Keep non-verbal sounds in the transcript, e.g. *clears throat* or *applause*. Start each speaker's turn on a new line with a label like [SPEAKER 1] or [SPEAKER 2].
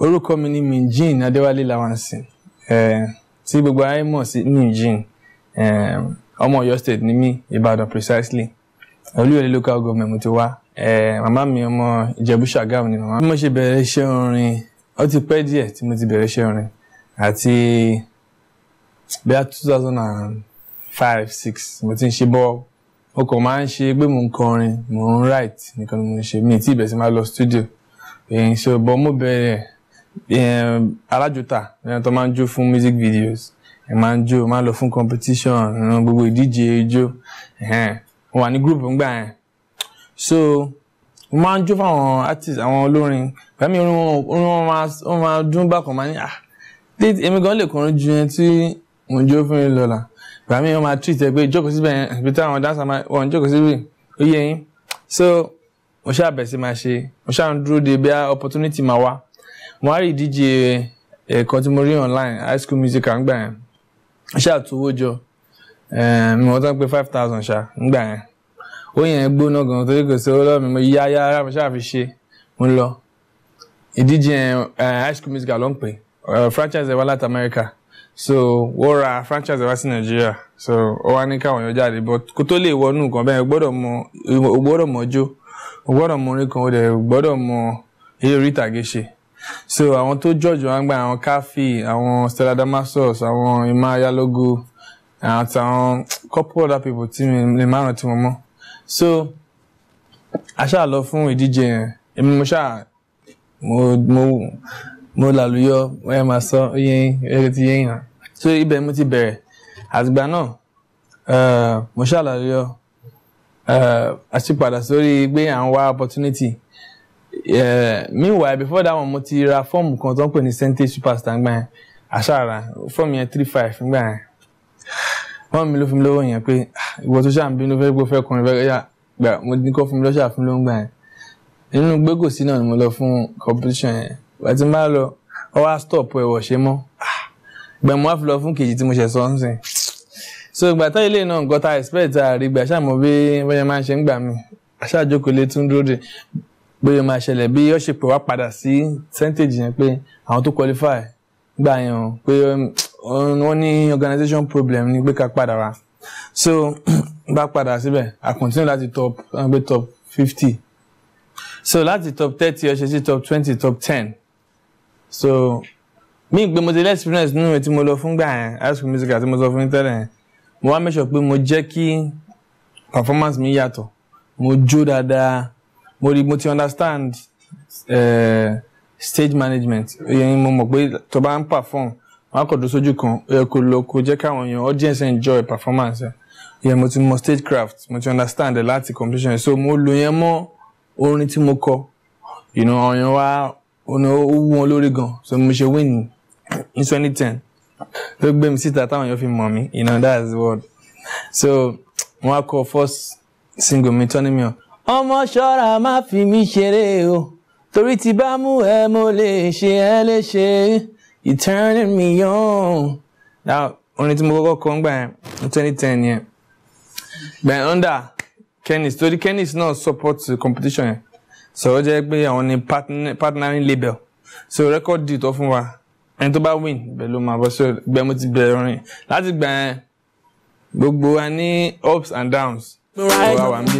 [SPEAKER 1] orúkọ mi ni minjin adéwálé lawansin eh, tí gbogbo ayé mọ̀ sí minjin eh, ọmọ Ọ̀yọ́ state ni mi Ìbàdàn precisely olúyọlé local government mo ti wá eh, màmá mi ọmọ Ìjẹ̀bú Ṣàgámù ni màmá mi mo ṣe bẹ̀rẹ̀ iṣẹ́ orin ó ti pẹ́ díẹ̀ tí mo ti bẹ̀rẹ̀ iṣẹ́ orin àti bẹ́ẹ̀ two thousand and five six mo ti ń ṣe bọ́ mo kàn máa ń ṣe pé mo ń kọrin mo ń write nìkan ni mo ń ṣe mi tí ìbẹ̀sẹ̀ máa lọ studio èyí ṣe bọ́ mo bẹ̀rẹ̀ alájòta ẹni tó máa ń jó fún music videos ẹ máa ń jó máa lọ fún competition gbogbo ìdíje ijó mo wà ní group ńgbà yẹn so mo máa ń jó fáwọn artist àwọn olórin pẹ̀lú orin wọn wọn máa dún bákan máa ní ah èmi gan lè kọrin ju yẹn tí mo jó fún yín lọ́la pẹ̀lú wọn máa treat ẹ pé jókòó síbẹ̀ yẹn àbí táwọn dancer máa wọn jókòó síbẹ̀ ó yẹ yín so mo ṣáà bẹ̀ sí máa ṣe mo ṣáà ń dúró de bí opportunity máa wá. Muhari á rí ìdíje eh, ẹ̀ẹ̀kan tí mo rí online high school music à ń gbà yẹn ṣáà tówó jọ eh, mi wọ́n tán pé five thousand ṣá ń gbà yẹn ó yẹn gbóná gan torí kò sí owó mo yá yá ara mi ṣáà fi ṣe eh, high school music à ló franchise wá láti America so ra franchise wá sí Nàìjíríà so ó wá ní káwọn jáde but kó tó lè wọnú nǹkan bẹ́ẹ̀ gbọ́dọ̀ mọ gbọ́dọ̀ mọ gbọ́dọ̀ mọ so àwọn tó judge wọn gba àwọn Kafi àwọn Stella Damasus àwọn Emma Yalogo àti àwọn couple other people tí mi lè márùn tí mo mọ̀ so aṣáà lọ fún ìdíje yẹn èmi mo ṣáà mo mo mo làlùyọ ẹ máa sọ yẹn ẹ ti yẹn hàn so ibẹ̀ mo ti bẹ̀rẹ̀ àtìgbà náà eh, mo ṣáà làlùyọ àṣìpadà eh, sórí pé à ń wá opportunity meanwhile before that one mo ti ra fọ́ọ̀mù kan tó ń pè ní sentate superstar gbà yẹn àṣàrà fọ́ọ̀mù yẹn three five gbà yẹn wọ́n mi ló fi mi lówó yẹn pé ah, ìwọ tó ṣáà ń bínú fẹ́ gbó fẹ́ kọrin fẹ́ yà gbà mo ní kó fún mi lọ́ṣà fún mi ló ń gbà yẹn nínú gbégòsí náà ni mo lọ fún competition yẹn ìgbà tí n bá lọ ọ stop ẹ̀wọ̀ ṣe mọ́ ah, gbà mo wá fi lọ fún kejì tí mo ṣẹ̀ sọ ń sìn so ìgbà tá ilé náà nǹkan ta expect àrígbà ṣáà mo bí bẹ́ẹ̀ máa ń ṣe ń gbà mí àṣà àjókòó lé tún dúró de pé ó máa ṣẹlẹ̀ bí ó ṣe pè wá padà sí percentage yẹn pé àwọn tó qualify gbà yẹn o pé um, wọ́n ní organization problem ní pé ká padà wá so *clears throat* bá padà síbẹ̀ I continue láti top gbé top fifty so láti top thirty ó ṣe sí top twenty top ten so mi gbé mo ti less experience nínú tí mo lọ fún gbà yẹn high school music àti mo sọ fún tẹ́lẹ̀ yẹn mo wá mẹ́sọ̀ pé mo jẹ́ kí performance mi yàtọ̀ mo jó dáadáa mo rí mo ti understand uh, stage management ìyẹn mo mọ̀ pé tó bá ń perform wọn á kọ̀ dó sójú kan ó yẹ lọ kó jẹ́ káwọn èèyàn audience enjoy performance ìyẹn mo ti mọ̀ stagecraft mo ti understand ẹ̀ láti competition so mo lo yẹn mọ́ orin tí mo kọ ìnà ọ̀yàn wa ó wú wọn lórí gan so mo ṣe win in twenty ten ló gbé mi síta táwọn èèyàn fi mọ̀ mí ìnà is the word so wọn á kọ first single mi turning me on ọmọ ṣọ́ra má fi mí ṣeré o torí ti bá mú ẹ mo lè ṣe ẹ léṣe you turning me on. now orin tí mo kọ́kọ́ kọ́ ń gbà yẹn ní twenty ten yẹn gbẹ̀yìn under Kennis torí Kennis náà support competition yẹn so ó jẹ́ pé àwọn ni partnering label so record deal tó fún wa ẹni tó bá win ibẹ̀ ma máa bọ́ so gbẹ mo ti bẹ̀rẹ̀ orin láti gbà yẹn gbogbo wa ní ups and downs. Right.